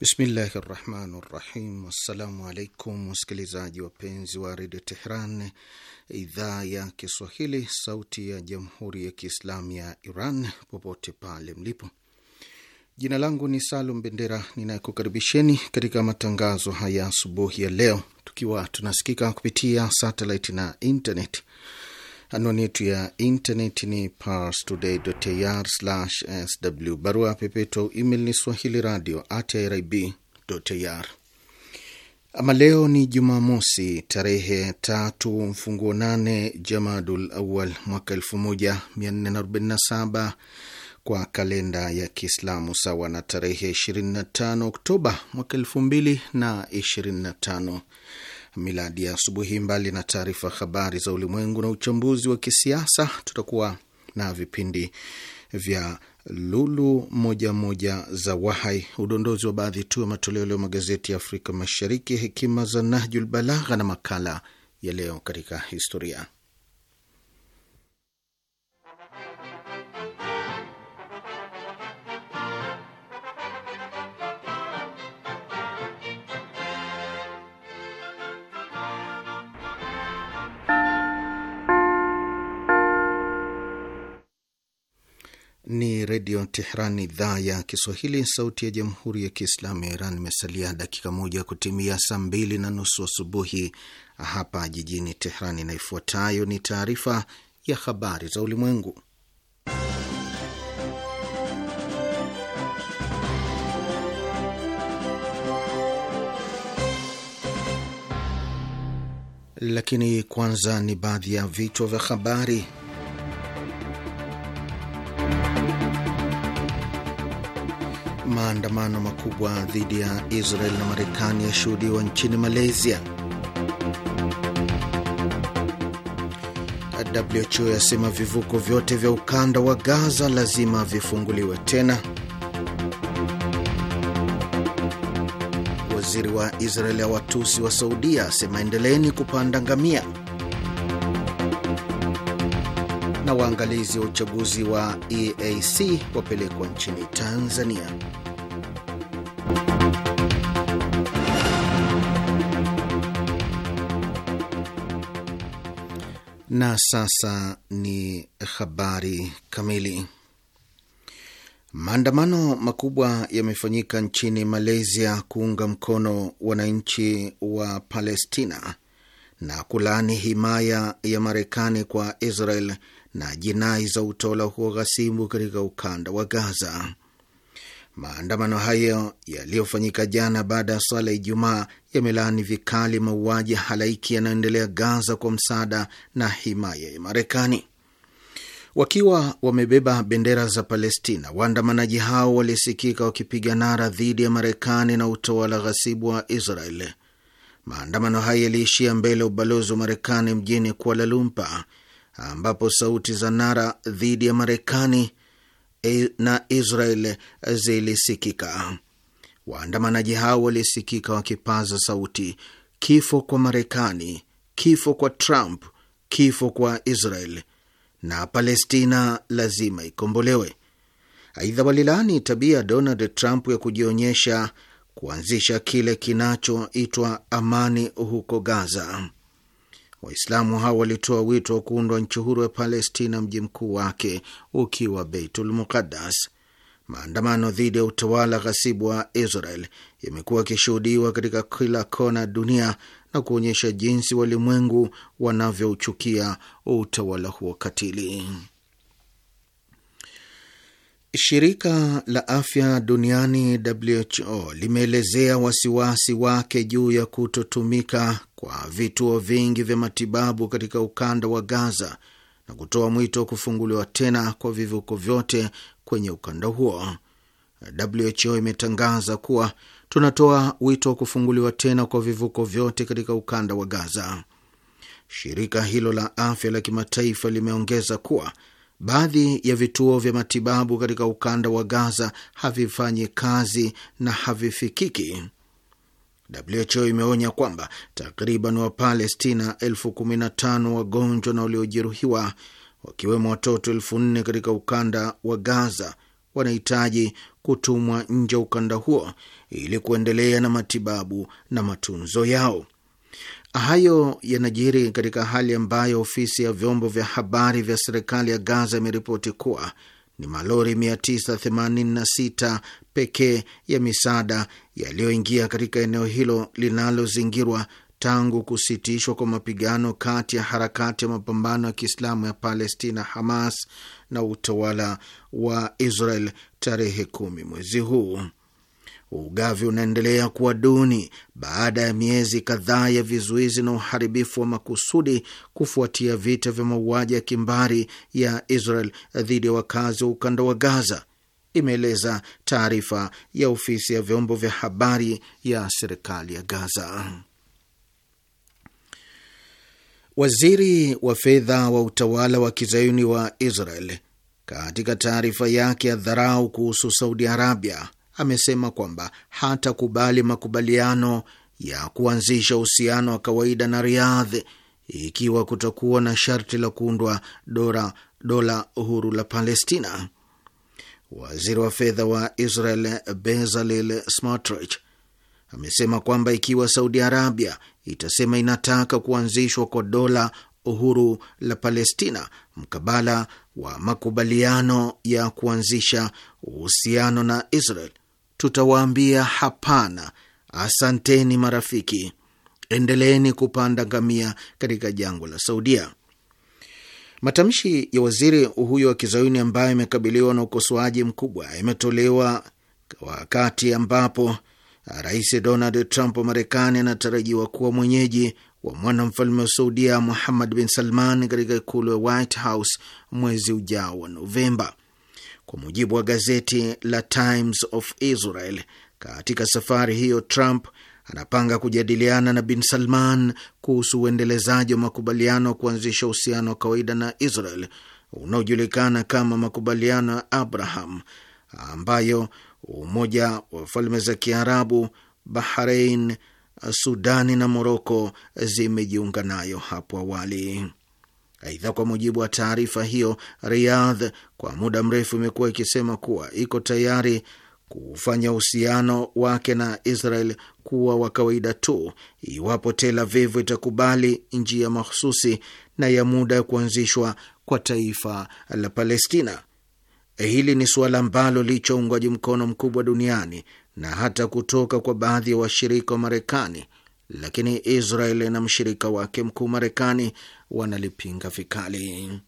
Bismillahi rahmani rahim. Assalamu alaikum wasikilizaji wapenzi wa redio Tehran, idhaa ya Kiswahili, sauti ya jamhuri ya kiislamu ya Iran, popote pale mlipo. Jina langu ni Salum Bendera ninayekukaribisheni katika matangazo haya asubuhi ya leo, tukiwa tunasikika kupitia satelit na internet. Anwani yetu ya intaneti ni parstoday.ir/sw. Barua pepeto email ni swahili radio at irib.ir. Ama leo ni Jumamosi tarehe tatu mfunguo nane Jamadul Awal mwaka 1447 kwa kalenda ya Kiislamu sawa na tarehe 25 Oktoba mwaka tano miladi ya asubuhi. Mbali na taarifa habari za ulimwengu na uchambuzi wa kisiasa, tutakuwa na vipindi vya lulu moja moja za Wahai, udondozi wa baadhi tu ya matoleo leo magazeti ya Afrika Mashariki, hekima za Nahjul Balagha na makala ya leo katika historia. Ni Redio Tehran, idhaa ya Kiswahili, sauti ya jamhuri ya kiislamu ya Iran. Imesalia dakika moja kutimia saa mbili na nusu asubuhi hapa jijini Tehran, na ifuatayo ni taarifa ya habari za ulimwengu. Lakini kwanza ni baadhi ya vichwa vya habari. Maandamano makubwa dhidi ya Israel na Marekani yashuhudiwa nchini Malaysia. WHO yasema vivuko vyote vya ukanda wa Gaza lazima vifunguliwe tena. Waziri wa Israeli ya watusi wa Saudia asema endeleeni kupanda ngamia. Na waangalizi wa uchaguzi wa EAC wapelekwa nchini Tanzania. Na sasa ni habari kamili. Maandamano makubwa yamefanyika nchini Malaysia kuunga mkono wananchi wa Palestina na kulaani himaya ya Marekani kwa Israel na jinai za utawala huo ghasibu katika ukanda wa Gaza. Maandamano hayo yaliyofanyika jana baada ya swala ya Ijumaa yamelaani vikali mauaji halaiki yanayoendelea Gaza kwa msaada na himaya ya Marekani. Wakiwa wamebeba bendera za Palestina, waandamanaji hao walisikika wakipiga nara dhidi ya Marekani na utawala ghasibu wa Israel. Maandamano hayo yaliishia mbele ya ubalozi wa Marekani mjini Kuala Lumpur, ambapo sauti za nara dhidi ya Marekani E, na Israel zilisikika. Waandamanaji hao walisikika wakipaza sauti, kifo kwa Marekani, kifo kwa Trump, kifo kwa Israel na Palestina lazima ikombolewe. Aidha, walilaani tabia ya Donald Trump ya kujionyesha kuanzisha kile kinachoitwa amani huko Gaza. Waislamu hao walitoa wito wa kuundwa nchi huru ya Palestina, mji mkuu wake ukiwa Beitul Muqaddas. Maandamano dhidi ya utawala ghasibu wa Israel yamekuwa yakishuhudiwa katika kila kona dunia na kuonyesha jinsi walimwengu wanavyouchukia utawala huo katili. Shirika la Afya Duniani WHO limeelezea wasiwasi wake juu ya kutotumika kwa vituo vingi vya matibabu katika ukanda wa Gaza na kutoa mwito wa kufunguliwa tena kwa vivuko vyote kwenye ukanda huo. WHO imetangaza kuwa tunatoa wito wa kufunguliwa tena kwa vivuko vyote katika ukanda wa Gaza. Shirika hilo la afya la kimataifa limeongeza kuwa Baadhi ya vituo vya matibabu katika ukanda wa Gaza havifanyi kazi na havifikiki. WHO imeonya kwamba takriban Wapalestina elfu kumi na tano wagonjwa na waliojeruhiwa wakiwemo watoto elfu nne katika ukanda wa Gaza wanahitaji kutumwa nje ya ukanda huo ili kuendelea na matibabu na matunzo yao. Hayo yanajiri katika hali ambayo ofisi ya vyombo vya habari vya serikali ya Gaza imeripoti kuwa ni malori 986 pekee ya misaada yaliyoingia katika eneo hilo linalozingirwa tangu kusitishwa kwa mapigano kati ya harakati ya mapambano ya Kiislamu ya Palestina Hamas na utawala wa Israel tarehe kumi mwezi huu ugavi unaendelea kuwa duni baada ya miezi kadhaa ya vizuizi na uharibifu wa makusudi kufuatia vita vya mauaji ya kimbari ya Israel dhidi ya wakazi wa ukanda wa Gaza, imeeleza taarifa ya ofisi ya vyombo vya habari ya serikali ya Gaza. Waziri wa fedha wa utawala wa kizayuni wa Israel katika taarifa yake ya dharau kuhusu Saudi Arabia amesema kwamba hatakubali makubaliano ya kuanzisha uhusiano wa kawaida na Riyadh ikiwa kutakuwa na sharti la kuundwa dola dola huru la Palestina. Waziri wa fedha wa Israel Bezalel Smotrich amesema kwamba ikiwa Saudi Arabia itasema inataka kuanzishwa kwa dola uhuru la Palestina mkabala wa makubaliano ya kuanzisha uhusiano na Israel tutawaambia hapana, asanteni marafiki, endeleeni kupanda ngamia katika jangwa la Saudia. Matamshi ya waziri huyo wa kizayuni ambaye amekabiliwa na ukosoaji mkubwa yametolewa wakati ambapo Rais Donald Trump wa Marekani anatarajiwa kuwa mwenyeji wa mwanamfalme wa Saudia Muhammad bin Salman katika ikulu ya White House mwezi ujao wa Novemba. Kwa mujibu wa gazeti la Times of Israel, katika safari hiyo Trump anapanga kujadiliana na Bin Salman kuhusu uendelezaji wa makubaliano ya kuanzisha uhusiano wa kawaida na Israel unaojulikana kama makubaliano ya Abraham ambayo Umoja wa Falme za Kiarabu, Bahrain, Sudani na Moroko zimejiunga nayo hapo awali. Aidha, kwa mujibu wa taarifa hiyo, Riyadh kwa muda mrefu imekuwa ikisema kuwa iko tayari kufanya uhusiano wake na Israel kuwa wa kawaida tu iwapo Tel Aviv itakubali njia mahususi na ya muda ya kuanzishwa kwa taifa la Palestina. Hili ni suala ambalo licha uungwaji mkono mkubwa duniani na hata kutoka kwa baadhi ya washirika wa Marekani wa lakini Israel na mshirika wake mkuu Marekani wanalipinga vikali.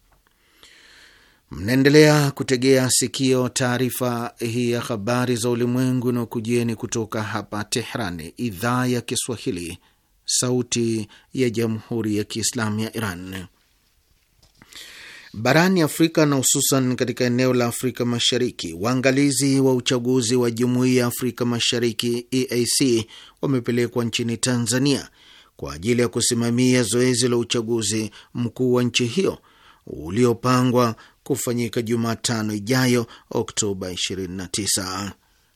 Mnaendelea kutegea sikio taarifa hii ya habari za ulimwengu na ukujieni kutoka hapa Tehran, idhaa ya Kiswahili, sauti ya jamhuri ya kiislamu ya Iran. Barani Afrika na hususan katika eneo la Afrika Mashariki, waangalizi wa uchaguzi wa Jumuiya ya Afrika Mashariki EAC wamepelekwa nchini Tanzania kwa ajili ya kusimamia zoezi la uchaguzi mkuu wa nchi hiyo uliopangwa kufanyika Jumatano ijayo Oktoba 29.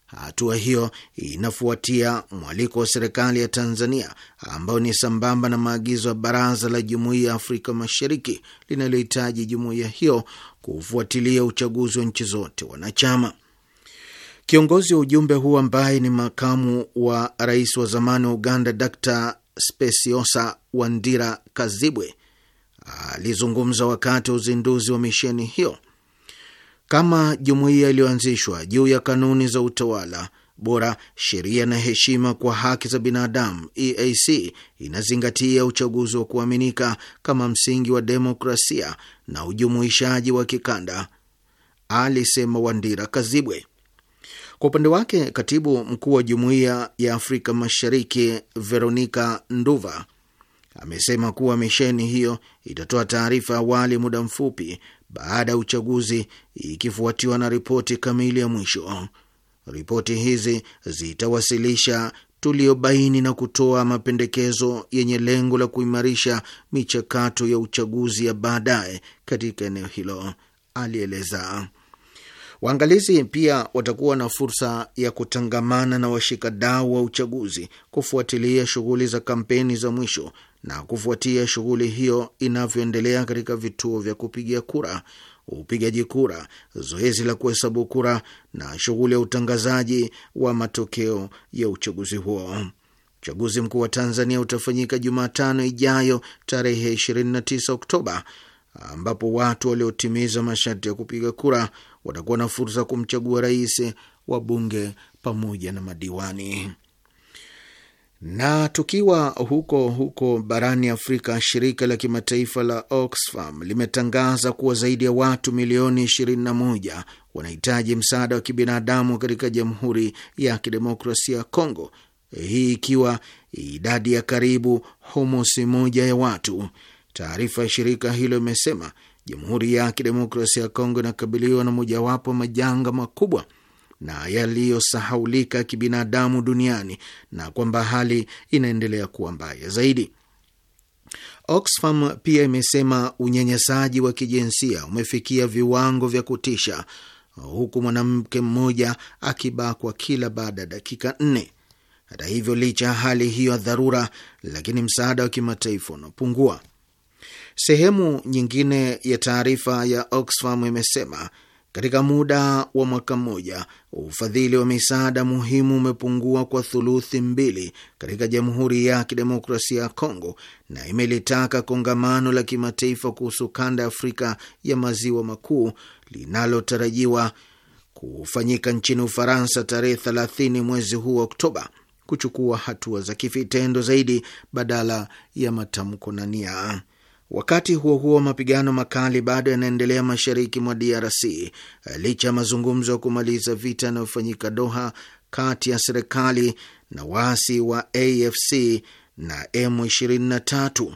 Hatua hiyo inafuatia mwaliko wa serikali ya Tanzania ambayo ni sambamba na maagizo ya Baraza la Jumuiya ya Afrika Mashariki linalohitaji jumuiya hiyo kufuatilia uchaguzi wa nchi zote wanachama. Kiongozi wa ujumbe huu ambaye ni makamu wa rais wa zamani wa Uganda Dr Speciosa Wandira Kazibwe alizungumza wakati wa uzinduzi wa misheni hiyo kama jumuiya iliyoanzishwa juu ya kanuni za utawala bora, sheria na heshima kwa haki za binadamu, EAC inazingatia uchaguzi wa kuaminika kama msingi wa demokrasia na ujumuishaji wa kikanda, alisema Wandira Kazibwe. Kwa upande wake, katibu mkuu wa jumuiya ya Afrika Mashariki Veronica Nduva amesema kuwa misheni hiyo itatoa taarifa awali muda mfupi baada ya uchaguzi ikifuatiwa na ripoti kamili ya mwisho. Ripoti hizi zitawasilisha tuliobaini na kutoa mapendekezo yenye lengo la kuimarisha michakato ya uchaguzi ya baadaye katika eneo hilo, alieleza. Waangalizi pia watakuwa na fursa ya kutangamana na washikadau wa uchaguzi, kufuatilia shughuli za kampeni za mwisho na kufuatia shughuli hiyo inavyoendelea katika vituo vya kupigia kura, upigaji kura, zoezi la kuhesabu kura na shughuli ya utangazaji wa matokeo ya uchaguzi huo. Uchaguzi mkuu wa Tanzania utafanyika Jumatano ijayo tarehe 29 Oktoba, ambapo watu waliotimiza masharti ya kupiga kura watakuwa na fursa ya kumchagua rais, wabunge pamoja na madiwani. Na tukiwa huko huko barani Afrika, shirika la kimataifa la Oxfam limetangaza kuwa zaidi ya watu milioni 21 wanahitaji msaada wa kibinadamu katika Jamhuri ya Kidemokrasia ya Kongo, hii ikiwa idadi ya karibu humusi moja ya watu. Taarifa ya shirika hilo imesema Jamhuri ya Kidemokrasia ya Kongo inakabiliwa na mojawapo majanga makubwa na yaliyosahaulika kibinadamu duniani na kwamba hali inaendelea kuwa mbaya zaidi. Oxfam pia imesema unyanyasaji wa kijinsia umefikia viwango vya kutisha, huku mwanamke mmoja akibakwa kila baada ya dakika nne. Hata hivyo, licha ya hali hiyo ya dharura, lakini msaada wa kimataifa unapungua. Sehemu nyingine ya taarifa ya Oxfam imesema katika muda wa mwaka mmoja, ufadhili wa misaada muhimu umepungua kwa thuluthi mbili katika Jamhuri ya Kidemokrasia ya Kongo na imelitaka kongamano la kimataifa kuhusu kanda ya Afrika ya maziwa makuu linalotarajiwa kufanyika nchini Ufaransa tarehe 30 mwezi huu wa Oktoba kuchukua hatua za kivitendo zaidi badala ya matamko na nia. Wakati huo huo, mapigano makali bado yanaendelea mashariki mwa DRC licha ya mazungumzo ya kumaliza vita yanayofanyika Doha kati ya serikali na waasi wa AFC na M23.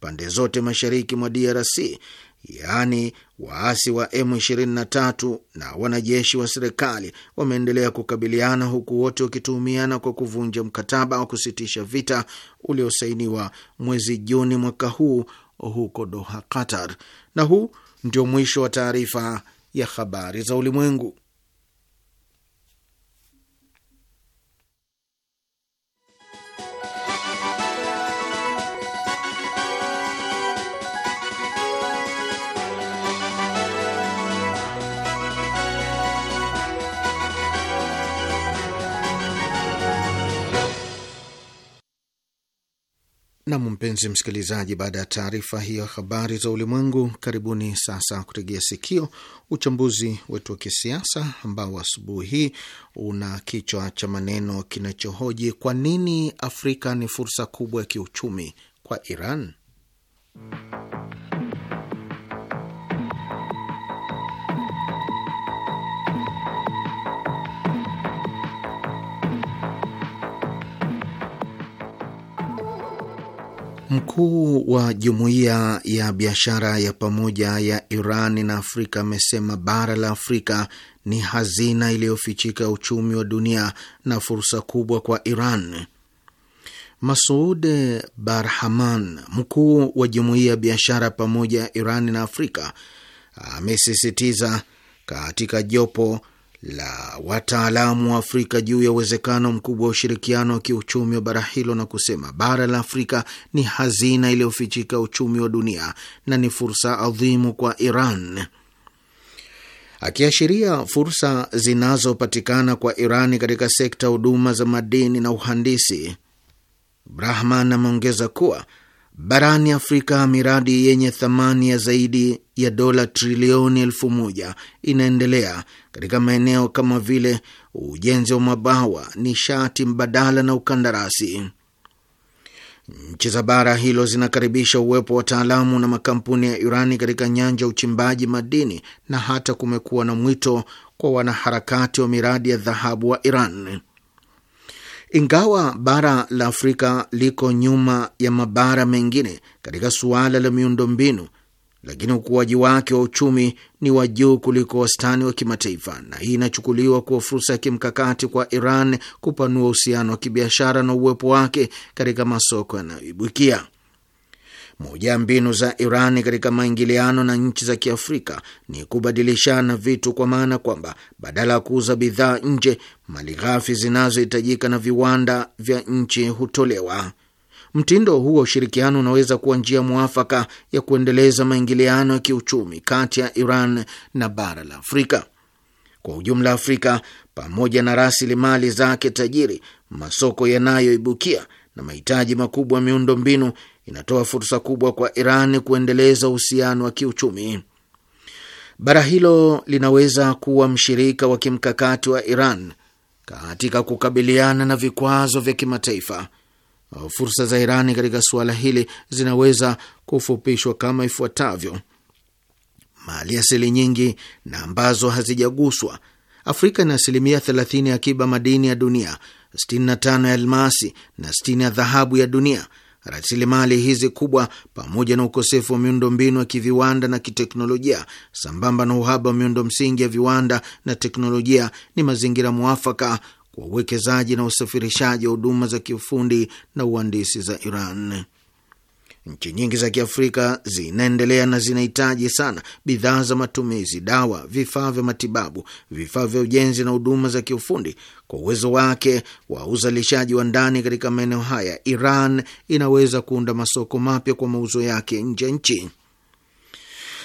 Pande zote mashariki mwa DRC, yaani waasi wa M23 na wanajeshi wa serikali wameendelea kukabiliana, huku wote wakituhumiana kwa kuvunja mkataba wa kusitisha vita uliosainiwa mwezi Juni mwaka huu huko Doha, Qatar. Na huu ndio mwisho wa taarifa ya habari za ulimwengu. mpenzi msikilizaji, baada ya taarifa hiyo habari za ulimwengu, karibuni sasa kutegea sikio uchambuzi wetu wa kisiasa ambao asubuhi hii una kichwa cha maneno kinachohoji kwa nini Afrika ni fursa kubwa ya kiuchumi kwa Iran. Mkuu wa jumuiya ya biashara ya pamoja ya Iran na Afrika amesema bara la Afrika ni hazina iliyofichika uchumi wa dunia na fursa kubwa kwa Iran. Masud Barhaman, mkuu wa jumuiya ya biashara pamoja ya Iran na Afrika, amesisitiza katika jopo la wataalamu wa Afrika juu ya uwezekano mkubwa wa ushirikiano wa kiuchumi wa bara hilo na kusema bara la Afrika ni hazina iliyofichika uchumi wa dunia na ni fursa adhimu kwa Iran, akiashiria fursa zinazopatikana kwa Iran katika sekta huduma za madini na uhandisi. Brahman ameongeza kuwa Barani Afrika, miradi yenye thamani ya zaidi ya dola trilioni elfu moja inaendelea katika maeneo kama vile ujenzi wa mabawa, nishati mbadala na ukandarasi. Nchi za bara hilo zinakaribisha uwepo wa wataalamu na makampuni ya Irani katika nyanja ya uchimbaji madini na hata kumekuwa na mwito kwa wanaharakati wa miradi ya dhahabu wa Iran. Ingawa bara la Afrika liko nyuma ya mabara mengine katika suala la miundombinu, lakini ukuaji wake wa uchumi ni wa juu kuliko wastani wa kimataifa, na hii inachukuliwa kuwa fursa ya kimkakati kwa Iran kupanua uhusiano wa kibiashara na uwepo wake katika masoko yanayoibukia. Moja ya mbinu za Irani katika maingiliano na nchi za Kiafrika ni kubadilishana vitu, kwa maana kwamba badala ya kuuza bidhaa nje, mali ghafi zinazohitajika na viwanda vya nchi hutolewa. Mtindo huu wa ushirikiano unaweza kuwa njia mwafaka ya kuendeleza maingiliano ya kiuchumi kati ya Iran na bara la Afrika kwa ujumla. Afrika pamoja na rasilimali zake tajiri, masoko yanayoibukia na mahitaji makubwa ya miundo mbinu inatoa fursa kubwa kwa Iran kuendeleza uhusiano wa kiuchumi. Bara hilo linaweza kuwa mshirika wa kimkakati wa Iran katika kukabiliana na vikwazo vya kimataifa. Fursa za Irani katika suala hili zinaweza kufupishwa kama ifuatavyo: mali asili nyingi na ambazo hazijaguswa. Afrika ina asilimia 30 ya akiba madini ya dunia, 65 ya almasi na 60 ya dhahabu ya dunia Rasilimali hizi kubwa pamoja na ukosefu wa miundo mbinu ya kiviwanda na kiteknolojia sambamba na uhaba wa miundo msingi ya viwanda na teknolojia ni mazingira mwafaka kwa uwekezaji na usafirishaji wa huduma za kiufundi na uhandisi za Iran. Nchi nyingi za Kiafrika zinaendelea na zinahitaji sana bidhaa za matumizi, dawa, vifaa vya matibabu, vifaa vya ujenzi na huduma za kiufundi. Kwa uwezo wake wa uzalishaji wa ndani katika maeneo haya, Iran inaweza kuunda masoko mapya kwa mauzo yake nje ya nchi.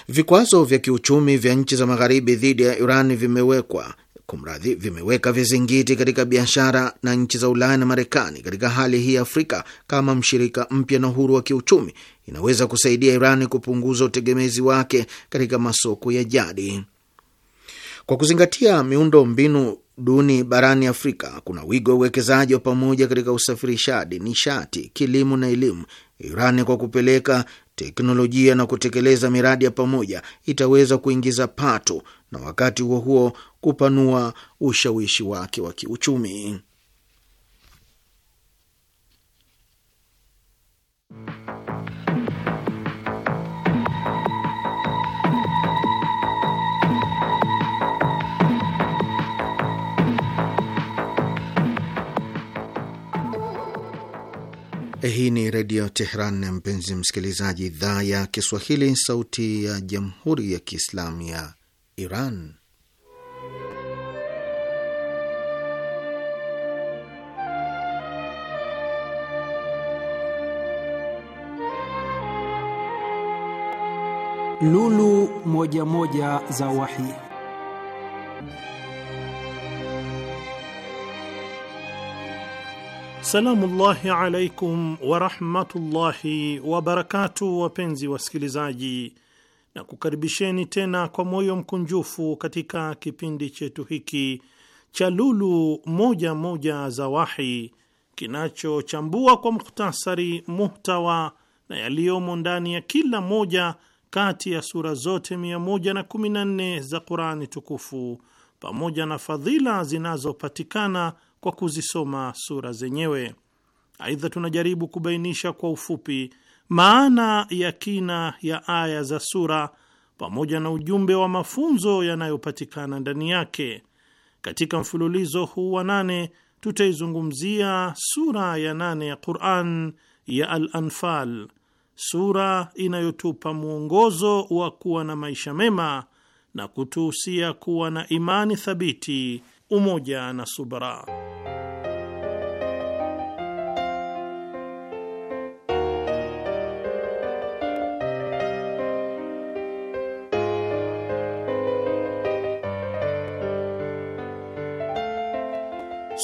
Vikwazo vya kiuchumi vya nchi za Magharibi dhidi ya Iran vimewekwa kumradhi, vimeweka vizingiti katika biashara na nchi za Ulaya na Marekani. Katika hali hii, Afrika kama mshirika mpya na uhuru wa kiuchumi inaweza kusaidia Irani kupunguza utegemezi wake katika masoko ya jadi kwa kuzingatia miundo mbinu duni barani Afrika. Kuna wigo wa uwekezaji wa pamoja katika usafirishaji, nishati, kilimo na elimu iran kwa kupeleka teknolojia na kutekeleza miradi ya pamoja itaweza kuingiza pato na wakati huo huo kupanua ushawishi wake wa kiuchumi. Eh, hii ni Redio Tehran, mpenzi msikilizaji, idhaa ya Kiswahili, sauti ya Jamhuri ya Kiislamu ya Iran. Lulu moja moja za Wahi. llahi alaikum warahmatullahi wabarakatu, wapenzi wasikilizaji, na kukaribisheni tena kwa moyo mkunjufu katika kipindi chetu hiki cha Lulu Moja Moja za Wahi kinachochambua kwa mukhtasari muhtawa na yaliyomo ndani ya kila moja kati ya sura zote 114 za Qurani tukufu pamoja na fadhila zinazopatikana kwa kuzisoma sura zenyewe. Aidha, tunajaribu kubainisha kwa ufupi maana ya kina ya aya za sura pamoja na ujumbe wa mafunzo yanayopatikana ndani yake. Katika mfululizo huu wa nane tutaizungumzia sura ya nane ya Quran ya Al-Anfal, sura inayotupa mwongozo wa kuwa na maisha mema na kutuhusia kuwa na imani thabiti, umoja na subra.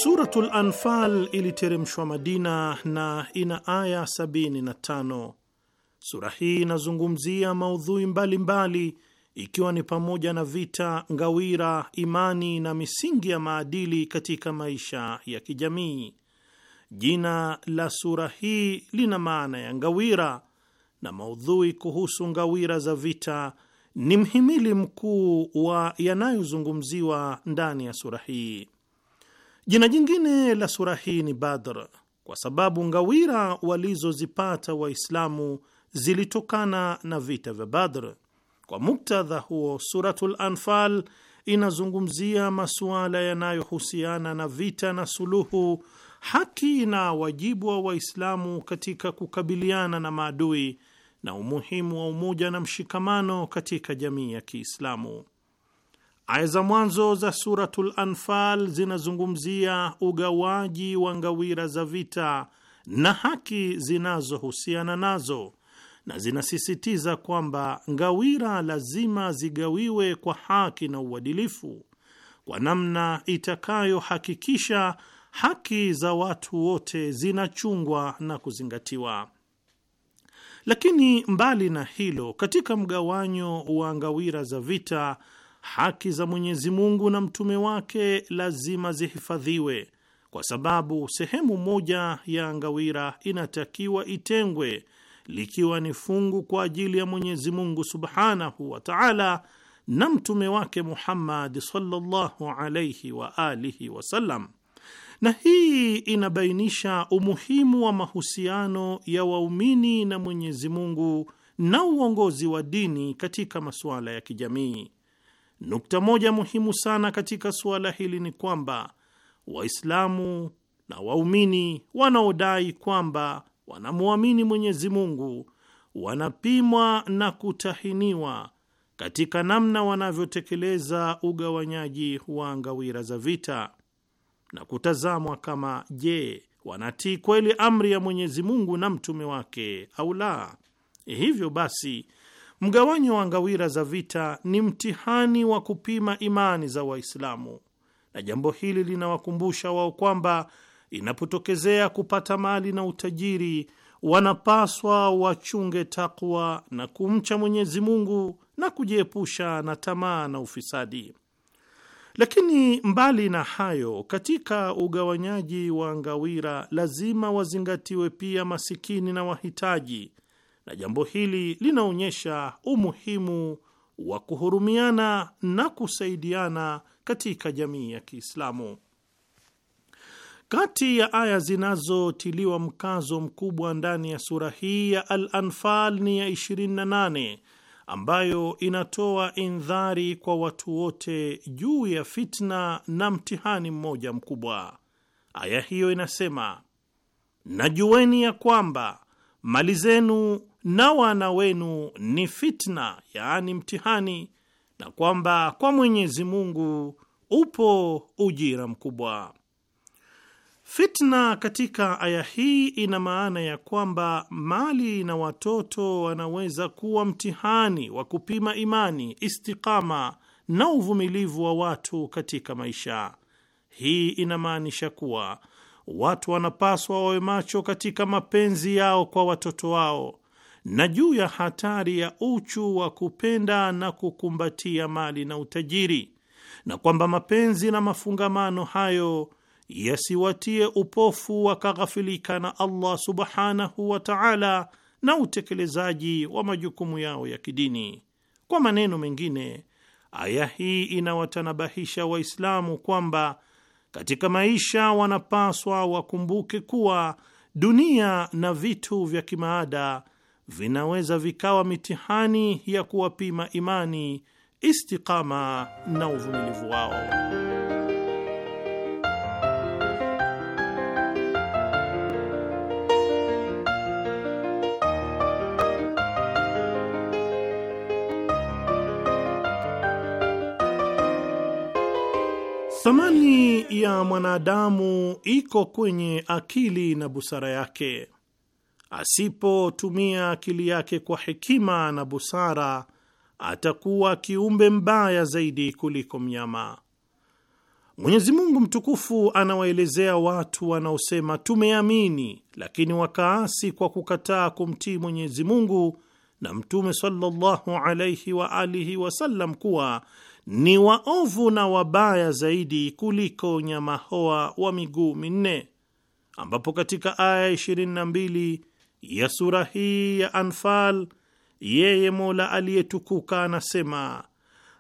Suratul Anfal iliteremshwa Madina na ina aya 75. Sura hii inazungumzia maudhui mbalimbali mbali, ikiwa ni pamoja na vita, ngawira, imani na misingi ya maadili katika maisha ya kijamii. Jina la sura hii lina maana ya ngawira na maudhui kuhusu ngawira za vita ni mhimili mkuu wa yanayozungumziwa ndani ya sura hii. Jina jingine la sura hii ni Badr kwa sababu ngawira walizozipata Waislamu zilitokana na vita vya Badr. Kwa muktadha huo, Suratul Anfal inazungumzia masuala yanayohusiana na vita na suluhu, haki na wajibu wa Waislamu katika kukabiliana na maadui na umuhimu wa umoja na mshikamano katika jamii ya Kiislamu. Aya za mwanzo za Suratul Anfal zinazungumzia ugawaji wa ngawira za vita na haki zinazohusiana nazo na zinasisitiza kwamba ngawira lazima zigawiwe kwa haki na uadilifu kwa namna itakayohakikisha haki za watu wote zinachungwa na kuzingatiwa. Lakini mbali na hilo, katika mgawanyo wa ngawira za vita haki za Mwenyezi Mungu na mtume wake lazima zihifadhiwe, kwa sababu sehemu moja ya ngawira inatakiwa itengwe likiwa ni fungu kwa ajili ya Mwenyezi Mungu Subhanahu wa Ta'ala na mtume wake Muhammad sallallahu alayhi wa alihi wasallam. Na hii inabainisha umuhimu wa mahusiano ya waumini na Mwenyezi Mungu na uongozi wa dini katika masuala ya kijamii. Nukta moja muhimu sana katika suala hili ni kwamba Waislamu na waumini wanaodai kwamba wanamwamini Mwenyezi Mungu wanapimwa na kutahiniwa katika namna wanavyotekeleza ugawanyaji wa ngawira za vita na kutazamwa kama, je, wanatii kweli amri ya Mwenyezi Mungu na mtume wake au la? Hivyo basi Mgawanyo wa ngawira za vita ni mtihani wa kupima imani za Waislamu, na jambo hili linawakumbusha wao kwamba inapotokezea kupata mali na utajiri, wanapaswa wachunge takwa na kumcha Mwenyezi Mungu na kujiepusha na tamaa na ufisadi. Lakini mbali na hayo, katika ugawanyaji wa ngawira lazima wazingatiwe pia masikini na wahitaji na jambo hili linaonyesha umuhimu wa kuhurumiana na kusaidiana katika jamii ya Kiislamu. Kati ya aya zinazotiliwa mkazo mkubwa ndani ya sura hii ya Al-Anfal ni ya 28 ambayo inatoa indhari kwa watu wote juu ya fitna na mtihani mmoja mkubwa. Aya hiyo inasema, najueni ya kwamba mali zenu na wana wenu ni fitna, yaani mtihani, na kwamba kwa Mwenyezi Mungu upo ujira mkubwa. Fitna katika aya hii ina maana ya kwamba mali na watoto wanaweza kuwa mtihani wa kupima imani, istikama na uvumilivu wa watu katika maisha. Hii inamaanisha kuwa watu wanapaswa wawe macho katika mapenzi yao kwa watoto wao na juu ya hatari ya uchu wa kupenda na kukumbatia mali na utajiri, na kwamba mapenzi na mafungamano hayo yasiwatie upofu wakaghafilika na Allah subhanahu wa ta'ala na utekelezaji wa majukumu yao ya kidini. Kwa maneno mengine, aya hii inawatanabahisha Waislamu kwamba katika maisha wanapaswa wakumbuke kuwa dunia na vitu vya kimaada vinaweza vikawa mitihani ya kuwapima imani, istikama na uvumilivu wao. Thamani ya mwanadamu iko kwenye akili na busara yake asipotumia akili yake kwa hekima na busara, atakuwa kiumbe mbaya zaidi kuliko mnyama. Mwenyezi Mungu mtukufu anawaelezea watu wanaosema tumeamini, lakini wakaasi kwa kukataa kumtii Mwenyezi Mungu na Mtume sallallahu alaihi wa alihi wasallam kuwa ni waovu na wabaya zaidi kuliko nyama hoa wa miguu minne, ambapo katika aya 22 ya sura hii ya Anfal, yeye Mola aliyetukuka anasema,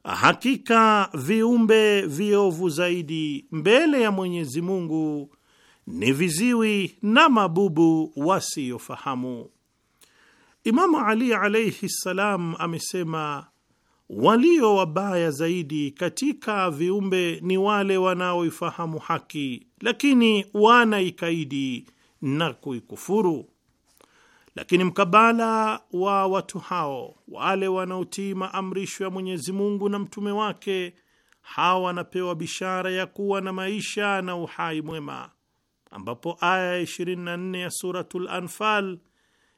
hakika viumbe viovu zaidi mbele ya Mwenyezi Mungu ni viziwi na mabubu wasiyofahamu. Imamu Ali alaihi ssalam amesema walio wabaya zaidi katika viumbe ni wale wanaoifahamu haki, lakini wanaikaidi na kuikufuru. Lakini mkabala wa watu hao, wale wanaotii maamrisho ya Mwenyezi Mungu na mtume wake, hawa wanapewa bishara ya kuwa na maisha na uhai mwema, ambapo aya ya 24 ya Suratul Anfal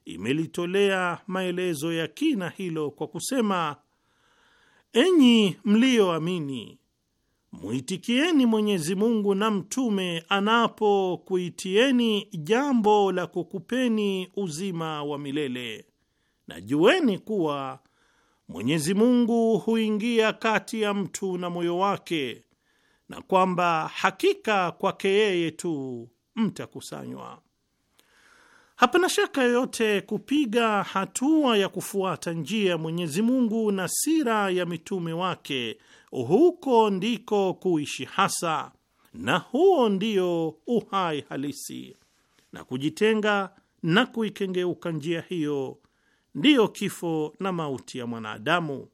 imelitolea maelezo ya kina hilo kwa kusema: enyi mliyoamini Mwitikieni Mwenyezi Mungu na mtume anapokuitieni jambo la kukupeni uzima wa milele, na jueni kuwa Mwenyezi Mungu huingia kati ya mtu na moyo wake, na kwamba hakika kwake yeye tu mtakusanywa. Hapana shaka yoyote kupiga hatua ya kufuata njia ya Mwenyezi Mungu na sira ya mitume wake huko ndiko kuishi hasa, na huo ndio uhai halisi, na kujitenga na kuikengeuka njia hiyo ndiyo kifo na mauti ya mwanadamu.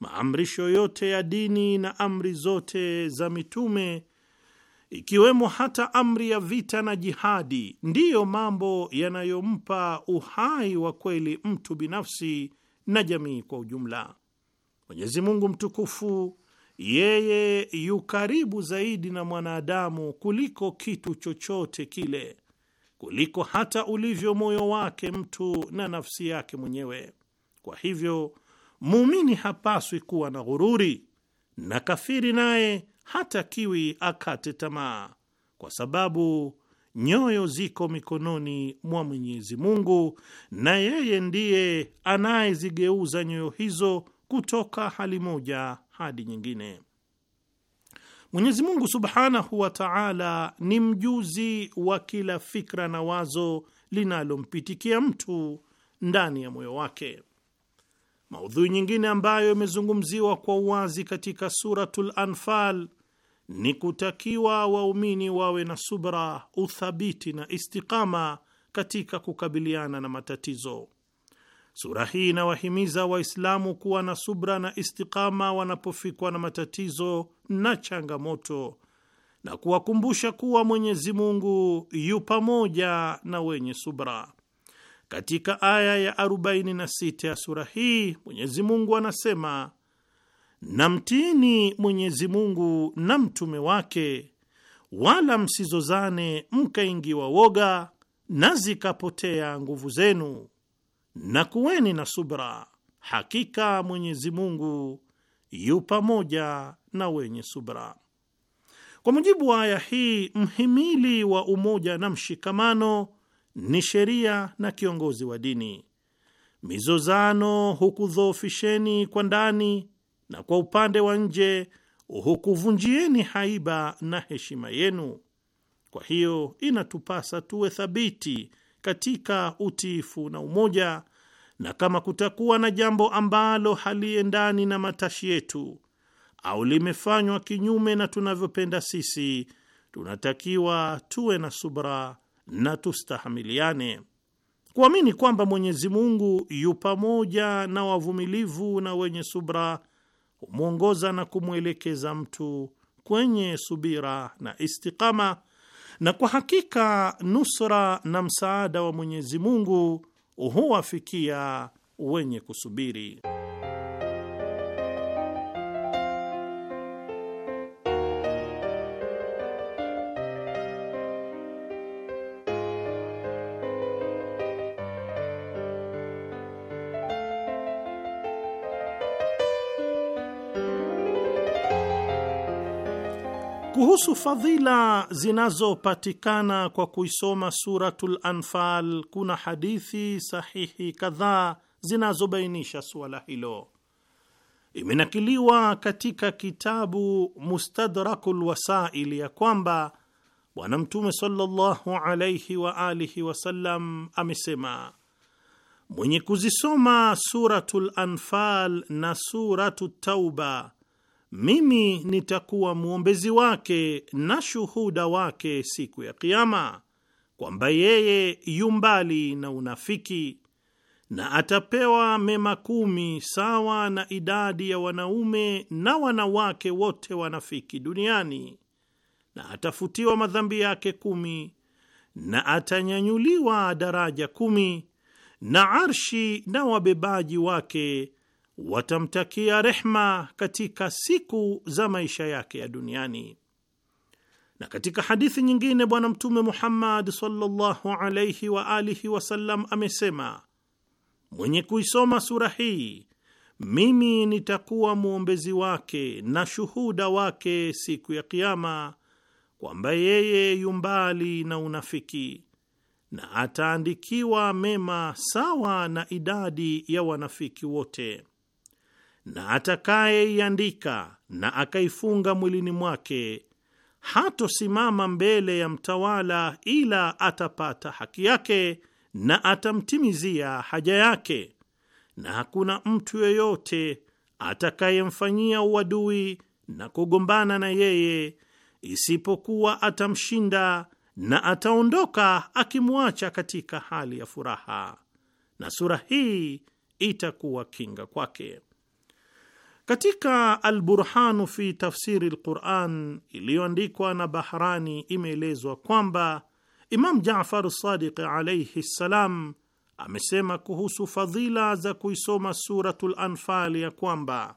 Maamrisho yote ya dini na amri zote za mitume ikiwemo hata amri ya vita na jihadi ndiyo mambo yanayompa uhai wa kweli mtu binafsi na jamii kwa ujumla. Mwenyezi Mungu mtukufu yeye yu karibu zaidi na mwanadamu kuliko kitu chochote kile, kuliko hata ulivyo moyo wake mtu na nafsi yake mwenyewe. Kwa hivyo muumini hapaswi kuwa na ghururi, na kafiri naye hatakiwi akate tamaa, kwa sababu nyoyo ziko mikononi mwa Mwenyezi Mungu, na yeye ndiye anayezigeuza nyoyo hizo kutoka hali moja hadi nyingine. Mwenyezi Mungu subhanahu wa taala ni mjuzi wa kila fikra na wazo linalompitikia mtu ndani ya moyo wake. Maudhui nyingine ambayo imezungumziwa kwa uwazi katika Suratul Anfal ni kutakiwa waumini wawe na subra, uthabiti na istikama katika kukabiliana na matatizo. Sura hii inawahimiza Waislamu kuwa na subra na istikama wanapofikwa na matatizo na changamoto na kuwakumbusha kuwa Mwenyezi Mungu yu pamoja na wenye subra. Katika aya ya 46 ya sura hii Mwenyezi Mungu anasema, namtini Mwenyezi Mungu na mtume wake, wala msizozane mkaingiwa woga na zikapotea nguvu zenu na kuweni na subra, hakika Mwenyezi Mungu yu pamoja na wenye subra. Kwa mujibu wa aya hii, mhimili wa umoja na mshikamano ni sheria na kiongozi wa dini. Mizozano hukudhoofisheni kwa ndani na kwa upande wa nje hukuvunjieni haiba na heshima yenu. Kwa hiyo inatupasa tuwe thabiti katika utiifu na umoja, na kama kutakuwa na jambo ambalo haliendani na matashi yetu au limefanywa kinyume na tunavyopenda sisi, tunatakiwa tuwe na subra na tustahamiliane, kuamini kwamba Mwenyezi Mungu yu pamoja na wavumilivu na wenye subra, humwongoza na kumwelekeza mtu kwenye subira na istikama na kwa hakika nusra na msaada wa Mwenyezi Mungu huwafikia wenye kusubiri. Kuhusu fadhila zinazopatikana kwa kuisoma Suratul Anfal, kuna hadithi sahihi kadhaa zinazobainisha suala hilo. Imenakiliwa katika kitabu Mustadrakul Wasaili ya kwamba Bwana Mtume sallallahu wa alihi wasallam amesema, mwenye kuzisoma Suratul Anfal na Suratu Tauba mimi nitakuwa mwombezi wake na shuhuda wake siku ya Kiama, kwamba yeye yumbali na unafiki na atapewa mema kumi sawa na idadi ya wanaume na wanawake wote wanafiki duniani, na atafutiwa madhambi yake kumi na atanyanyuliwa daraja kumi na arshi na wabebaji wake watamtakia rehma katika siku za maisha yake ya duniani. Na katika hadithi nyingine Bwana Mtume Muhammad sallallahu alayhi wa alihi wasallam amesema, mwenye kuisoma sura hii mimi nitakuwa mwombezi wake na shuhuda wake siku ya Kiama kwamba yeye yumbali na unafiki na ataandikiwa mema sawa na idadi ya wanafiki wote na atakayeiandika na akaifunga mwilini mwake hatosimama mbele ya mtawala ila atapata haki yake na atamtimizia haja yake, na hakuna mtu yeyote atakayemfanyia uadui na kugombana na yeye isipokuwa atamshinda na ataondoka akimwacha katika hali ya furaha, na sura hii itakuwa kinga kwake. Katika Alburhanu fi tafsiri lquran iliyoandikwa na Bahrani imeelezwa kwamba Imam Jafar Sadiq alaihi ssalam amesema kuhusu fadhila za kuisoma Suratu Lanfal ya kwamba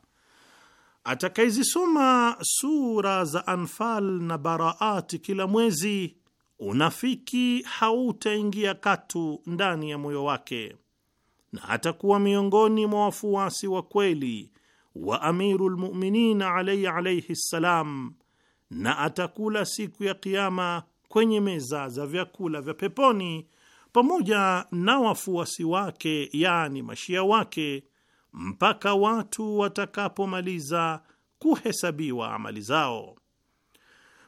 atakayezisoma sura za Anfal na Baraati kila mwezi, unafiki hautaingia katu ndani ya moyo wake na atakuwa miongoni mwa wafuasi wa kweli wa Amiru lmuminin Ali alaihi ssalam, na atakula siku ya Kiama kwenye meza za vyakula vya peponi pamoja na wafuasi wake, yani mashia wake, mpaka watu watakapomaliza kuhesabiwa amali zao.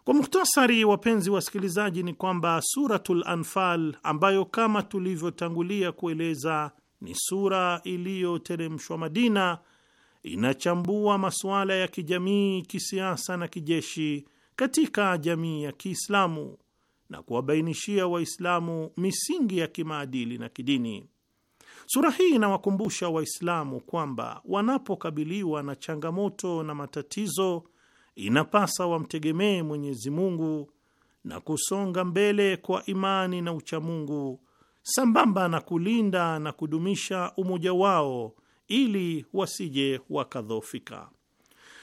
Kwa muhtasari, wapenzi wasikilizaji, ni kwamba Suratul Anfal ambayo kama tulivyotangulia kueleza ni sura iliyoteremshwa Madina inachambua masuala ya kijamii, kisiasa na kijeshi katika jamii ya Kiislamu na kuwabainishia Waislamu misingi ya kimaadili na kidini. Sura hii inawakumbusha Waislamu kwamba wanapokabiliwa na changamoto na matatizo, inapasa wamtegemee Mwenyezi Mungu na kusonga mbele kwa imani na uchamungu, sambamba na kulinda na kudumisha umoja wao ili wasije wakadhofika.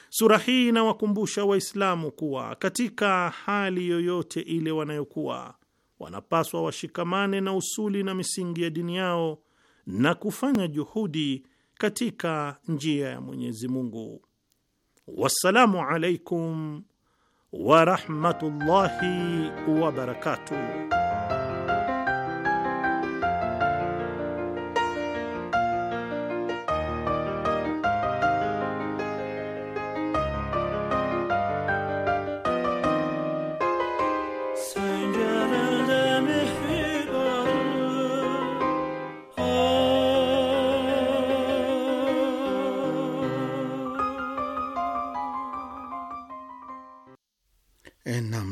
Sura hii inawakumbusha Waislamu kuwa katika hali yoyote ile wanayokuwa, wanapaswa washikamane na usuli na misingi ya dini yao na kufanya juhudi katika njia ya Mwenyezi Mungu. Wassalamu alaikum warahmatullahi wabarakatuh.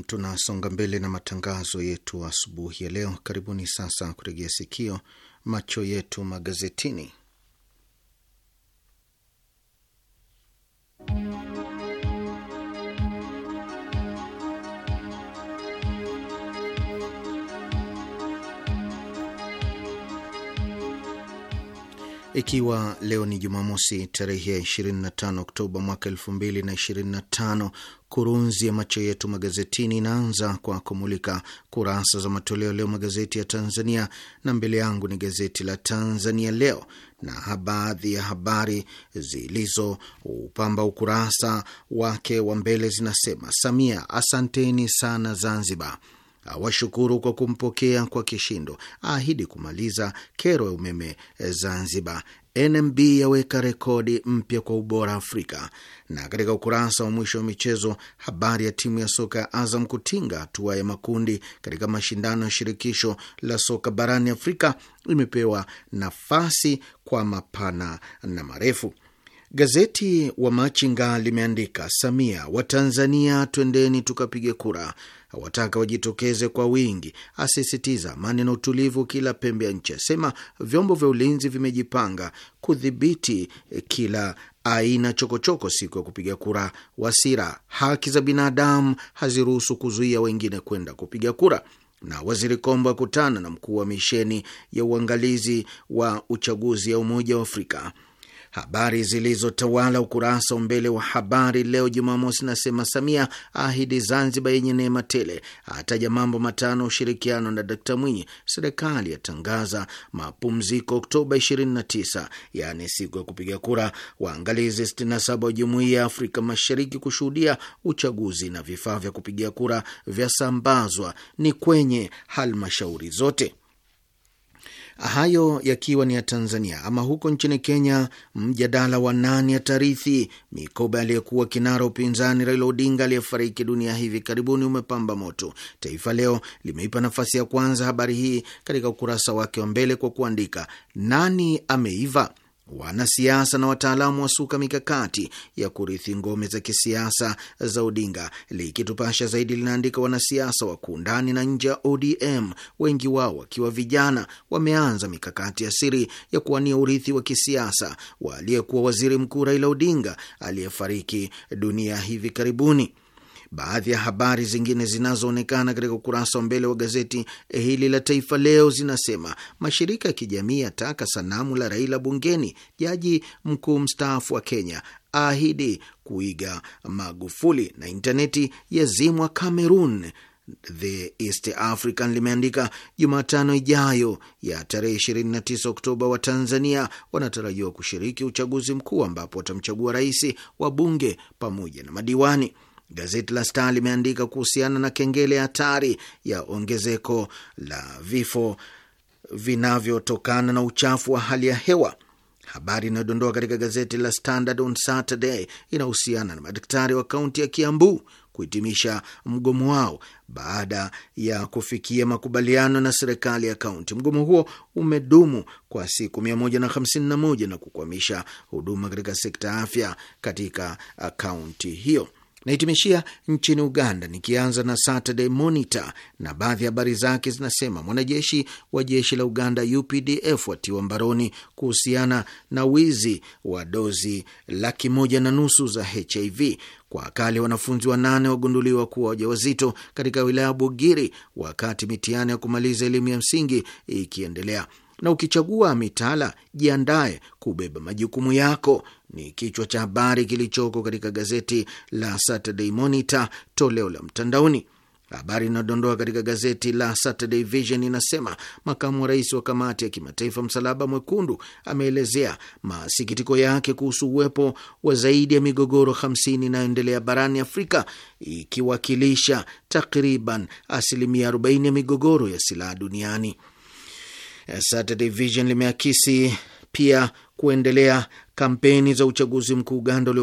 Tunasonga mbele na matangazo yetu asubuhi ya leo. Karibuni sasa kuregea sikio macho yetu magazetini. ikiwa leo ni Jumamosi tarehe ya 25 Oktoba mwaka 2025 kurunzi ya macho yetu magazetini inaanza kwa kumulika kurasa za matoleo leo magazeti ya Tanzania, na mbele yangu ni gazeti la Tanzania Leo na baadhi ya habari zilizoupamba ukurasa wake wa mbele zinasema: Samia, asanteni sana Zanzibar awashukuru kwa kumpokea kwa kishindo, aahidi kumaliza kero ya umeme Zanzibar. NMB yaweka rekodi mpya kwa ubora Afrika. Na katika ukurasa wa mwisho wa michezo, habari ya timu ya soka ya Azam kutinga hatua ya makundi katika mashindano ya shirikisho la soka barani Afrika imepewa nafasi kwa mapana na marefu. Gazeti wa Machinga limeandika Samia watanzania twendeni tukapige kura, awataka wajitokeze kwa wingi, asisitiza amani na utulivu kila pembe ya nchi, asema vyombo vya ulinzi vimejipanga kudhibiti kila aina chokochoko siku ya kupiga kura. Wasira, haki za binadamu haziruhusu kuzuia wengine kwenda kupiga kura na waziri Kombo akutana na mkuu wa misheni ya uangalizi wa uchaguzi ya Umoja wa Afrika. Habari zilizotawala ukurasa wa mbele wa Habari Leo Jumamosi nasema Samia ahidi Zanzibar yenye neema tele, ataja mambo matano a ushirikiano na Dkt Mwinyi. Serikali yatangaza mapumziko Oktoba 29, yaani siku ya kupiga kura. Waangalizi 67 wa Jumuiya ya Afrika Mashariki kushuhudia uchaguzi, na vifaa vya kupigia kura vyasambazwa ni kwenye halmashauri zote. Hayo yakiwa ni ya Tanzania. Ama huko nchini Kenya, mjadala wa nani ya tarithi mikoba aliyekuwa kinara upinzani Raila Odinga aliyefariki dunia hivi karibuni umepamba moto. Taifa Leo limeipa nafasi ya kwanza habari hii katika ukurasa wake wa mbele kwa kuandika nani ameiva Wanasiasa na wataalamu wasuka mikakati ya kurithi ngome za kisiasa za Odinga. Likitupasha zaidi linaandika wanasiasa wakuu ndani na nje ya ODM, wengi wao wakiwa vijana, wameanza mikakati ya siri ya kuwania urithi wa kisiasa waliyekuwa waziri mkuu Raila Odinga aliyefariki dunia hivi karibuni. Baadhi ya habari zingine zinazoonekana katika ukurasa wa mbele wa gazeti hili la Taifa Leo zinasema mashirika ya kijamii yataka sanamu la Raila bungeni, jaji mkuu mstaafu wa Kenya ahidi kuiga Magufuli, na intaneti yazimwa Cameroon. The East African limeandika Jumatano ijayo ya tarehe 29 Oktoba wa Tanzania wanatarajiwa kushiriki uchaguzi mkuu ambapo watamchagua rais, wabunge pamoja na madiwani. Gazeti la Star limeandika kuhusiana na kengele hatari ya ongezeko la vifo vinavyotokana na uchafu wa hali ya hewa. Habari inayodondoa katika gazeti la Standard on Saturday inahusiana na madaktari wa kaunti ya Kiambu kuhitimisha mgomo wao baada ya kufikia makubaliano na serikali ya kaunti. Mgomo huo umedumu kwa siku 151 na kukwamisha huduma katika sekta ya afya katika kaunti hiyo. Naitimishia nchini Uganda, nikianza na Saturday Monitor na baadhi ya habari zake zinasema mwanajeshi wa jeshi la Uganda UPDF watiwa mbaroni kuhusiana na wizi wa dozi laki moja na nusu za HIV. Kwa akali wanafunzi wanane wagunduliwa kuwa wajawazito katika wilaya Bugiri wakati mitihani ya kumaliza elimu ya msingi ikiendelea na ukichagua mitala, jiandaye kubeba majukumu yako, ni kichwa cha habari kilichoko katika gazeti la Saturday Monitor toleo la mtandaoni. Habari inayodondoa katika gazeti la Saturday Vision inasema makamu wa rais wa kamati ya kimataifa Msalaba Mwekundu ameelezea masikitiko yake kuhusu uwepo wa zaidi ya migogoro 50 inayoendelea barani Afrika, ikiwakilisha takriban asilimia 40 ya migogoro ya silaha duniani. Eh, Sata limeakisi pia kuendelea kampeni za uchaguzi mkuu Uganda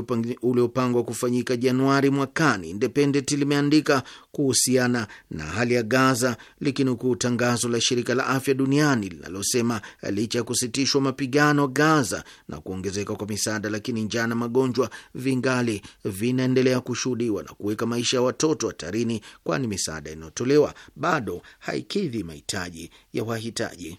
uliopangwa kufanyika Januari mwakani. Independent limeandika kuhusiana na hali ya Gaza likinukuu tangazo la shirika la afya duniani linalosema licha ya kusitishwa mapigano Gaza na kuongezeka kwa misaada, lakini njaa na magonjwa vingali vinaendelea kushuhudiwa na kuweka maisha ya watoto hatarini, kwani misaada inayotolewa bado haikidhi mahitaji ya wahitaji.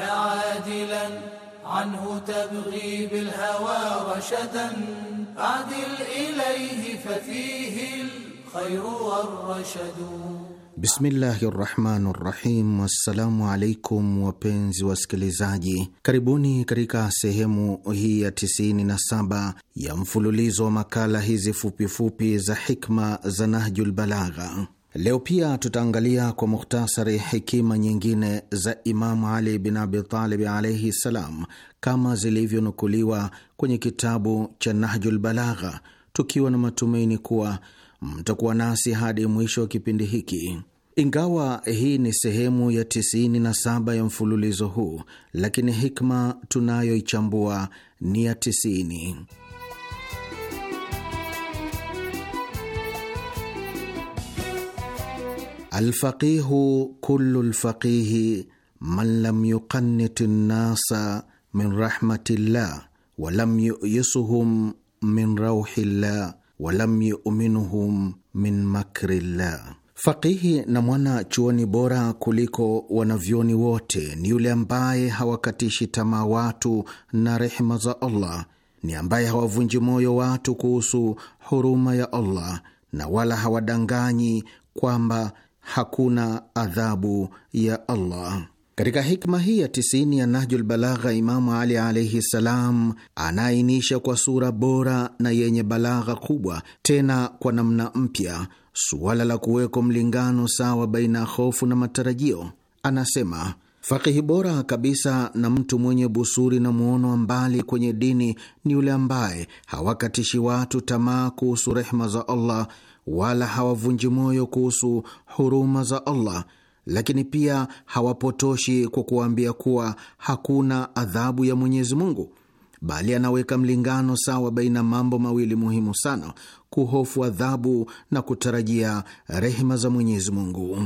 عادلا عنه تبغي بالهوى رشدا عدل إليه ففيه الخير والرشد Bismillahi rahmani rahim. Assalamu alaikum wapenzi wasikilizaji, karibuni katika sehemu hii ya 97 ya mfululizo wa makala hizi fupifupi za hikma za Nahjul Balagha. Leo pia tutaangalia kwa mukhtasari hekima nyingine za Imamu Ali bin Abitalib alaihi ssalam, kama zilivyonukuliwa kwenye kitabu cha Nahjul Balagha, tukiwa na matumaini kuwa mtakuwa nasi hadi mwisho wa kipindi hiki. Ingawa hii ni sehemu ya 97 ya mfululizo huu, lakini hikma tunayoichambua ni ya 90. Alfaqihu kullu lfaqihi man lam yuqannit nnasa min rahmatillah wa lam yuyisuhum min rauhillah wa lam yuminuhum min llah. faqihi na mwana chuoni bora kuliko wanavyoni wote ni yule ambaye hawakatishi tamaa watu na rehma za Allah, ni ambaye hawavunji moyo watu kuhusu huruma ya Allah na wala hawadanganyi kwamba hakuna adhabu ya Allah. Katika hikma hii ya tisini ya Nahjul Balagha, Imamu Ali alaihi ssalam anaainisha kwa sura bora na yenye balagha kubwa, tena kwa namna mpya, suala la kuweko mlingano sawa baina ya hofu na matarajio. Anasema fakihi bora kabisa na mtu mwenye busuri na mwono wa mbali kwenye dini ni yule ambaye hawakatishi watu tamaa kuhusu rehma za Allah wala hawavunji moyo kuhusu huruma za Allah, lakini pia hawapotoshi kwa kuwaambia kuwa hakuna adhabu ya Mwenyezi Mungu, bali anaweka mlingano sawa baina mambo mawili muhimu sana: kuhofu adhabu na kutarajia rehema za Mwenyezi Mungu.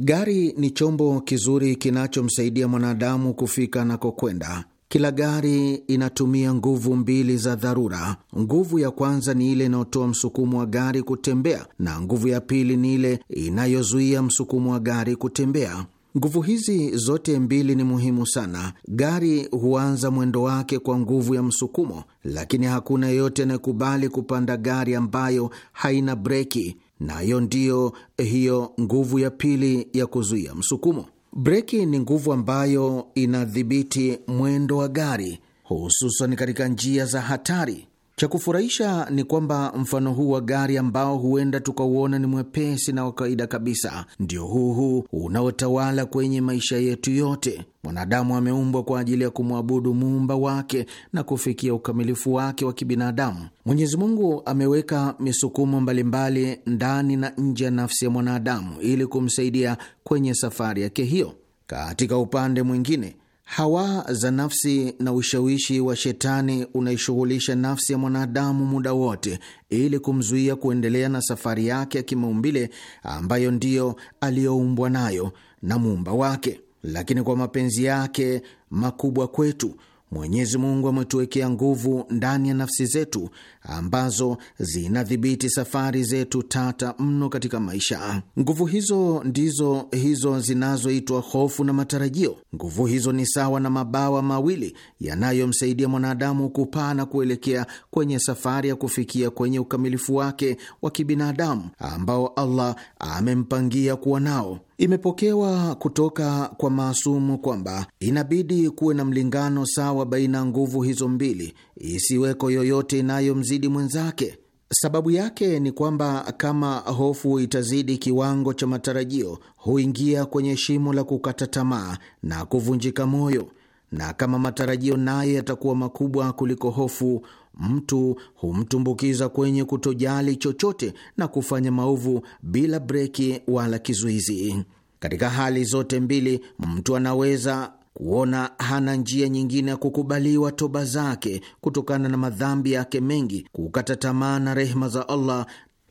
Gari ni chombo kizuri kinachomsaidia mwanadamu kufika anakokwenda kila gari inatumia nguvu mbili za dharura. Nguvu ya kwanza ni ile inayotoa msukumo wa gari kutembea, na nguvu ya pili ni ile inayozuia msukumo wa gari kutembea. Nguvu hizi zote mbili ni muhimu sana. Gari huanza mwendo wake kwa nguvu ya msukumo, lakini hakuna yeyote anayekubali kupanda gari ambayo haina breki, nayo ndiyo hiyo nguvu ya pili ya kuzuia msukumo. Breki ni nguvu ambayo inadhibiti mwendo wa gari, hususan katika njia za hatari. Cha kufurahisha ni kwamba mfano huu wa gari ambao huenda tukauona ni mwepesi na wa kawaida kabisa, ndio huu huu unaotawala kwenye maisha yetu yote. Mwanadamu ameumbwa kwa ajili ya kumwabudu muumba wake na kufikia ukamilifu wake wa kibinadamu. Mwenyezi Mungu ameweka misukumo mbalimbali ndani na nje ya nafsi ya mwanadamu ili kumsaidia kwenye safari yake hiyo. Katika upande mwingine Hawa za nafsi na ushawishi wa shetani unaishughulisha nafsi ya mwanadamu muda wote ili kumzuia kuendelea na safari yake ya kimaumbile ambayo ndiyo aliyoumbwa nayo na muumba wake. Lakini kwa mapenzi yake makubwa kwetu, Mwenyezi Mungu ametuwekea nguvu ndani ya nafsi zetu ambazo zinadhibiti safari zetu tata mno katika maisha. Nguvu hizo ndizo hizo zinazoitwa hofu na matarajio. Nguvu hizo ni sawa na mabawa mawili yanayomsaidia mwanadamu kupaa na kuelekea kwenye safari ya kufikia kwenye ukamilifu wake wa kibinadamu ambao Allah amempangia kuwa nao. Imepokewa kutoka kwa maasumu kwamba inabidi kuwe na mlingano sawa baina ya nguvu hizo mbili, isiweko yoyote inayomzidi mwenzake. Sababu yake ni kwamba kama hofu itazidi kiwango cha matarajio, huingia kwenye shimo la kukata tamaa na kuvunjika moyo, na kama matarajio naye yatakuwa makubwa kuliko hofu, mtu humtumbukiza kwenye kutojali chochote na kufanya maovu bila breki wala kizuizi. Katika hali zote mbili, mtu anaweza kuona hana njia nyingine ya kukubaliwa toba zake kutokana na madhambi yake mengi, kukata tamaa na rehema za Allah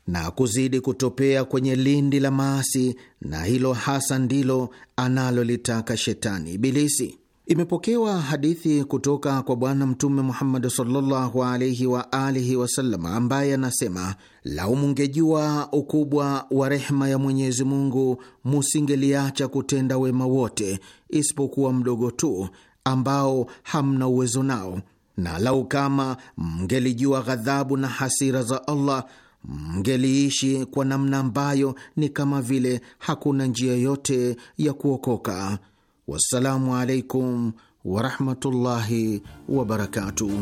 na kuzidi kutopea kwenye lindi la maasi, na hilo hasa ndilo analolitaka shetani Ibilisi. Imepokewa hadithi kutoka kwa Bwana Mtume Muhammad sallallahu alaihi wa alihi wasallam, ambaye anasema lau mungejua ukubwa wa rehma ya Mwenyezi Mungu musingeliacha kutenda wema wote isipokuwa mdogo tu ambao hamna uwezo nao, na lau kama mngelijua ghadhabu na hasira za Allah mngeliishi kwa namna ambayo ni kama vile hakuna njia yote ya kuokoka. Wassalamu alaikum warahmatullahi wabarakatuh.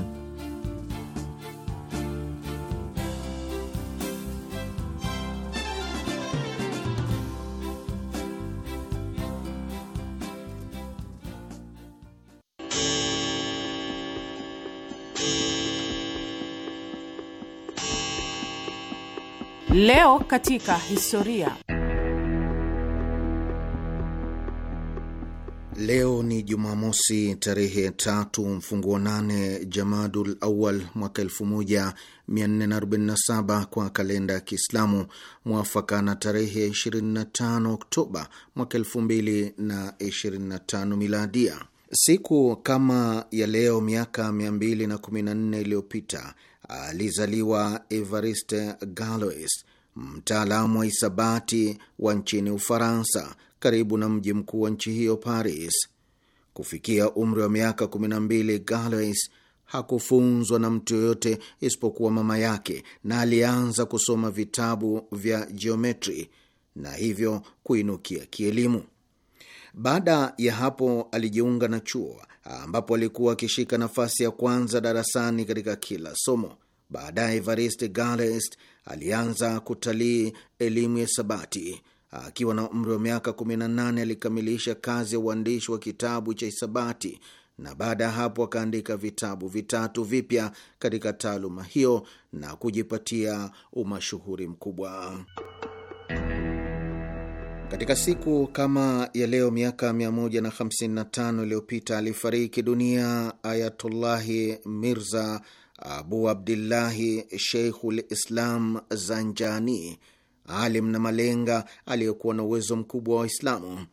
Leo katika historia. Leo ni Jumamosi, tarehe tatu mfunguo nane Jamadul Awal mwaka saba kwa kalenda ya Kiislamu, mwafaka na tarehe 25 Oktoba mwaka tano miladia. Siku kama ya leo miaka 214 iliyopita alizaliwa Evariste Galois, mtaalamu wa hisabati wa nchini Ufaransa karibu na mji mkuu wa nchi hiyo Paris. Kufikia umri wa miaka 12, Galois hakufunzwa na mtu yoyote isipokuwa mama yake, na alianza kusoma vitabu vya jiometri na hivyo kuinukia kielimu. Baada ya hapo alijiunga na chuo ambapo alikuwa akishika nafasi ya kwanza darasani katika kila somo. Baadaye Evariste Galois alianza kutalii elimu ya sabati Akiwa na umri wa miaka 18 alikamilisha kazi ya uandishi wa kitabu cha hisabati na baada ya hapo akaandika vitabu vitatu vipya katika taaluma hiyo na kujipatia umashuhuri mkubwa. Katika siku kama ya leo miaka 155 iliyopita alifariki dunia Ayatullahi Mirza Abu Abdillahi Sheikhul Islam Zanjani, alim na malenga aliyekuwa na uwezo mkubwa wa Waislamu.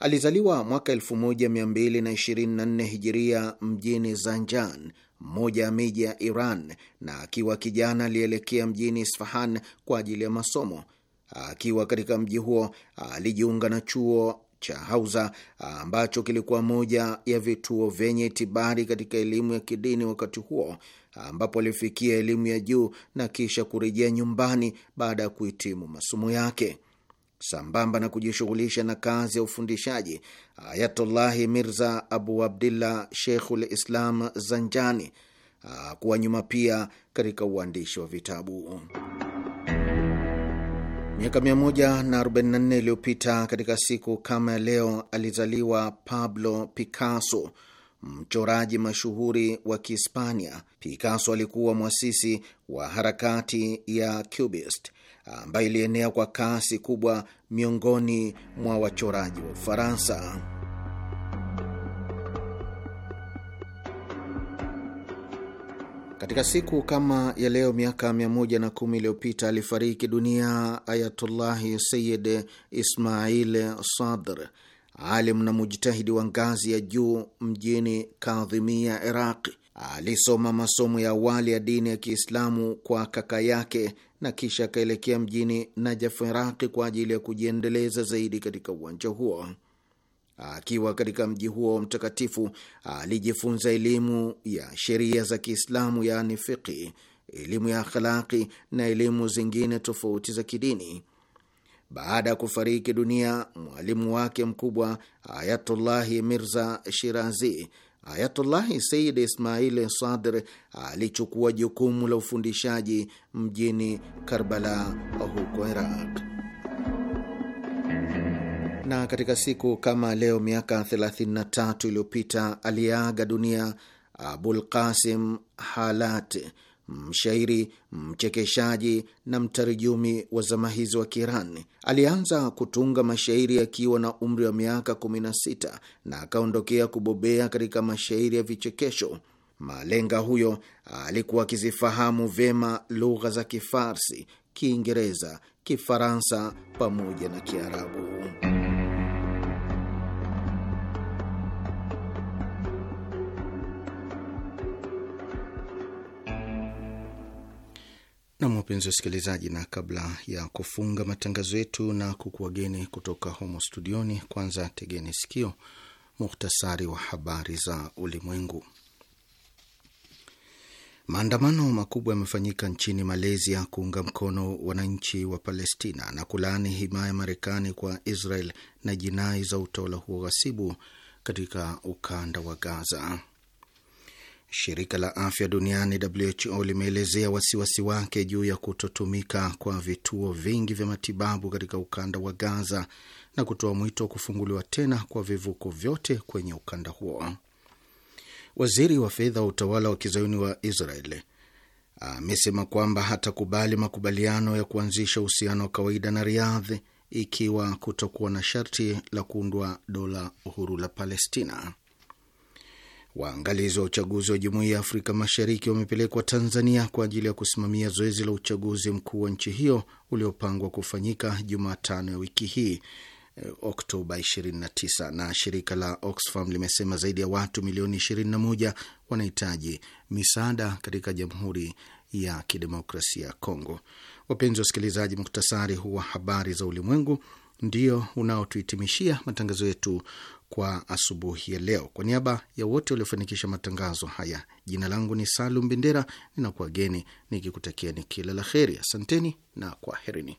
Alizaliwa mwaka 1224 hijiria mjini Zanjan, mmoja ya miji ya Iran, na akiwa kijana alielekea mjini Isfahan kwa ajili ya masomo. Akiwa katika mji huo alijiunga na chuo cha Hausa ah, ambacho kilikuwa moja ya vituo vyenye itibari katika elimu ya kidini wakati huo, ah, ambapo alifikia elimu ya juu na kisha kurejea nyumbani baada ya kuhitimu masomo yake. Sambamba na kujishughulisha na kazi ya ufundishaji, Ayatullahi Mirza Abu Abdillah Sheikhul Islam Zanjani ah, kuwa nyuma pia katika uandishi wa vitabu. Miaka 144 iliyopita katika siku kama ya leo alizaliwa Pablo Picasso, mchoraji mashuhuri wa Kihispania. Picasso alikuwa mwasisi wa harakati ya Cubist ambayo ilienea kwa kasi kubwa miongoni mwa wachoraji wa Ufaransa. Katika siku kama ya leo miaka 110 iliyopita alifariki dunia Ayatullahi Sayid Ismail Sadr, alim na mujtahidi wa ngazi ya juu mjini Kadhimia, Iraqi. Alisoma masomo ya awali ya dini ya Kiislamu kwa kaka yake na kisha akaelekea mjini najafu Iraqi, kwa ajili ya kujiendeleza zaidi katika uwanja huo. Akiwa katika mji huo mtakatifu alijifunza elimu ya sheria za Kiislamu, yaani fiqhi, elimu ya akhlaki na elimu zingine tofauti za kidini. Baada ya kufariki dunia mwalimu wake mkubwa Ayatullahi Mirza Shirazi, Ayatullahi Sayyid Ismail Sadr alichukua jukumu la ufundishaji mjini Karbala huko Iraq. Na katika siku kama leo miaka 33 iliyopita aliaga dunia Abul Qasim halat mshairi, mchekeshaji na mtarijumi wa zama hizi wa kiran Alianza kutunga mashairi akiwa na umri wa miaka 16 na akaondokea kubobea katika mashairi ya vichekesho. Malenga huyo alikuwa akizifahamu vyema lugha za Kifarsi, Kiingereza, Kifaransa pamoja na Kiarabu. Nam, wapenzi wasikilizaji, na kabla ya kufunga matangazo yetu na kukuwageni kutoka homo studioni, kwanza tegeni sikio muhtasari wa habari za ulimwengu. Maandamano makubwa yamefanyika nchini Malaysia kuunga mkono wananchi wa Palestina na kulaani himaya Marekani kwa Israel na jinai za utawala huo ghasibu katika ukanda wa Gaza. Shirika la Afya Duniani WHO limeelezea wasiwasi wake juu ya kutotumika kwa vituo vingi vya matibabu katika ukanda wa Gaza na kutoa mwito wa kufunguliwa tena kwa vivuko vyote kwenye ukanda huo. Waziri wa fedha wa utawala wa kizayuni wa Israeli amesema kwamba hatakubali makubaliano ya kuanzisha uhusiano wa kawaida na Riyadh ikiwa kutokuwa na sharti la kuundwa dola uhuru la Palestina. Waangalizi wa uchaguzi wa Jumuiya ya Afrika Mashariki wamepelekwa Tanzania kwa ajili ya kusimamia zoezi la uchaguzi mkuu wa nchi hiyo uliopangwa kufanyika Jumatano ya wiki hii eh, Oktoba 29. Na shirika la Oxfam limesema zaidi ya watu milioni 21 wanahitaji misaada katika Jamhuri ya Kidemokrasia ya Kongo. Wapenzi wasikilizaji, muktasari huu wa habari za ulimwengu ndio unaotuhitimishia matangazo yetu kwa asubuhi ya leo. Kwa niaba ya wote waliofanikisha matangazo haya, jina langu ni Salum Bendera, ninakuwageni nikikutakieni kila la heri. Asanteni na kwaherini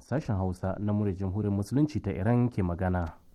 sashen Hausa na murya Jamhuriyar Musulunci ta Iran ke magana.